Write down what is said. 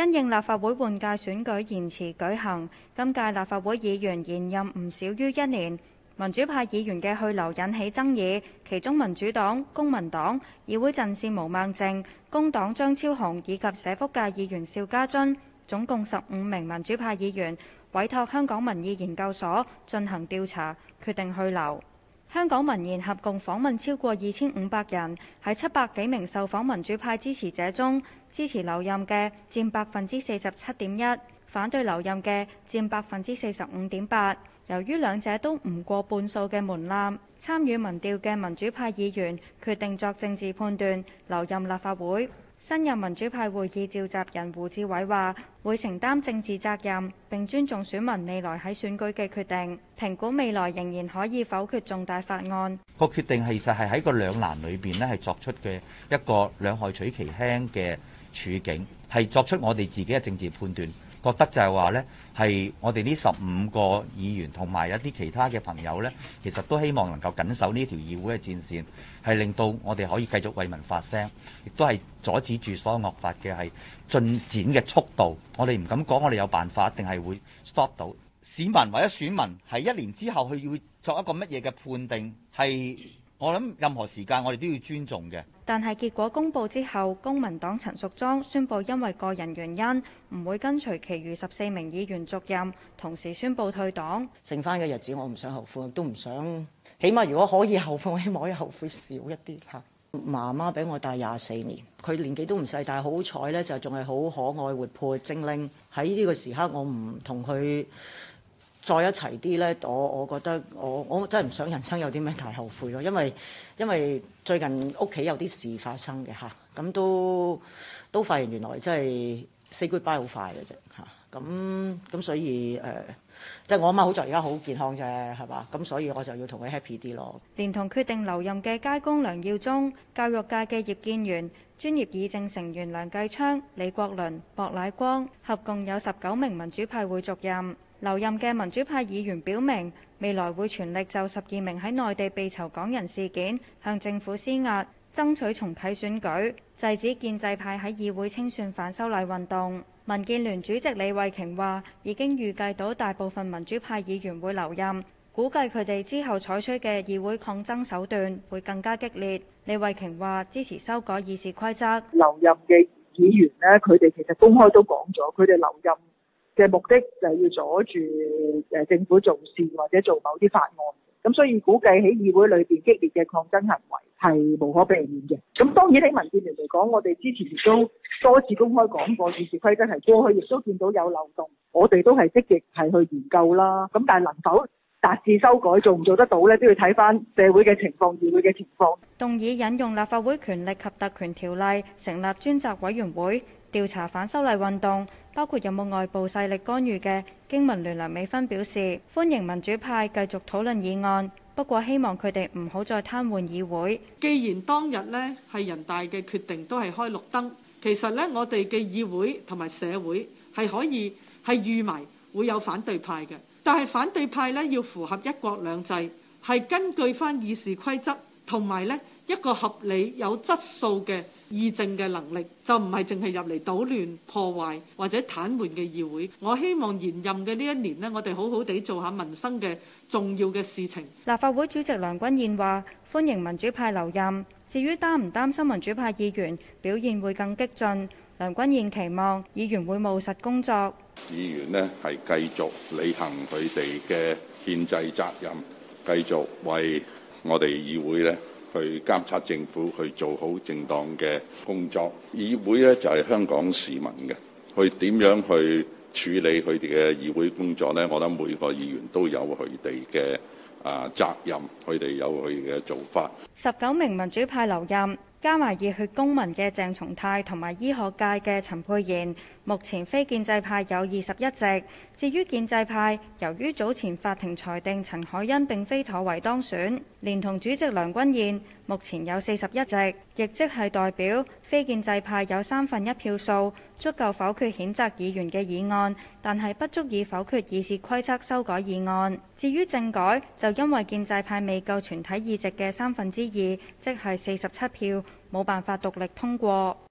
因應立法會換屆選舉延遲舉行，今屆立法會議員延任唔少於一年，民主派議員嘅去留引起爭議。其中民主黨、公民黨、議會陣線毛孟靜、工黨張超雄以及社福界議員邵家臻，總共十五名民主派議員委託香港民意研究所進行調查，決定去留。香港民研合共訪問超過二千五百人，喺七百幾名受訪民主派支持者中，支持留任嘅佔百分之四十七點一，反對留任嘅佔百分之四十五點八。由於兩者都唔過半數嘅門檻，參與民調嘅民主派議員決定作政治判斷，留任立法會。新任民主派會議召集人胡志偉話：會承擔政治責任，並尊重選民未來喺選舉嘅決定。評估未來仍然可以否決重大法案。個決定其實係喺個兩難裏邊咧，係作出嘅一個兩害取其輕嘅處境，係作出我哋自己嘅政治判斷。覺得就係話呢，係我哋呢十五個議員同埋一啲其他嘅朋友呢，其實都希望能夠緊守呢條議會嘅戰線，係令到我哋可以繼續為民發聲，亦都係阻止住所有惡法嘅係進展嘅速度。我哋唔敢講，我哋有辦法定係會 stop 到市民或者選民係一年之後，佢要作一個乜嘢嘅判定？係。我諗任何時間我哋都要尊重嘅。但係結果公布之後，公民黨陳淑莊宣布因為個人原因唔會跟隨其餘十四名議員續任，同時宣布退黨。剩翻嘅日子我唔想後悔，都唔想。起碼如果可以後悔，我起碼可以後悔少一啲。吓，媽媽比我大廿四年，佢年紀都唔細，但係好彩咧就仲係好可愛活潑精靈。喺呢個時刻我，我唔同佢，再一齊啲咧，我我覺得我我真係唔想人生有啲咩太後悔咯。因為因為最近屋企有啲事發生嘅嚇，咁、啊、都都發現原來真係 say goodbye 好快嘅啫嚇。咁、啊、咁、啊、所以誒，即、呃、係、即係、我阿媽，媽好在而家好健康啫，係嘛咁，所以我就要同佢 happy 啲咯。連同決定留任嘅街工梁耀忠、教育界嘅葉建源、專業議政成員梁繼昌、李國麟、莫乃光，合共有十九名民主派會續任。留任嘅民主派議員表明，未來會全力就十二名喺內地被囚港人事件向政府施壓，爭取重啟選舉，制止建制派喺議會清算反修例運動。民建聯主席李慧瓊話已經預計到大部分民主派議員會留任，估計佢哋之後採取嘅議會抗爭手段會更加激烈。李慧瓊話支持修改議事規則，留任嘅議員咧，佢哋其實公開都講咗，佢哋留任嘅目的就係要阻住誒，政府做事或者做某啲法案，咁所以估計喺議會裏邊激烈嘅抗爭行為係無可避免嘅。咁當然喺民建聯嚟講，我哋之前亦都多次公開講過議事規則係過去亦都見到有漏洞，我哋都係積極係去研究啦。咁但係能否達至修改，做唔做得到咧，都要睇翻社會嘅情況，議會嘅情況。動議引用立法會權力及特權條例成立專責委員會調查反修例運動，包括有冇外部勢力干預嘅。經民聯梁美芬表示歡迎民主派繼續討論議案，不過希望佢哋唔好再癱瘓議會。既然當日呢係人大嘅決定都係開綠燈，其實呢我哋嘅議會同埋社會係可以係預埋會有反對派嘅，但係反對派呢要符合一國兩制，係根據翻議事規則同埋呢。一個合理有質素嘅議政嘅能力，就唔係淨係入嚟搗亂破壞或者癱瘓嘅議會。我希望延任嘅呢一年咧，我哋好好地做下民生嘅重要嘅事情。立法會主席梁君彥話：歡迎民主派留任。至於擔唔擔心民主派議員表現會更激進，梁君彥期望議員會務實工作。議員咧係繼續履行佢哋嘅憲制責任，繼續為我哋議會咧。去監察政府，去做好正當嘅工作。議會咧就係香港市民嘅，去點樣去處理佢哋嘅議會工作咧？我諗每個議員都有佢哋嘅啊責任，佢哋有佢哋嘅做法。19名民主派留任。加埋熱血公民嘅鄭松泰同埋醫學界嘅陳沛然，目前非建制派有二十一席。至於建制派，由於早前法庭裁定陳海恩並非妥為當選，連同主席梁君彥，目前有四十一席，亦即係代表非建制派有三分一票數，足夠否決譴責議員嘅議案，但係不足以否決議事規則修改議案。至於政改，就因為建制派未夠全體議席嘅三分之二，即係四十七票。冇辦法獨立通過。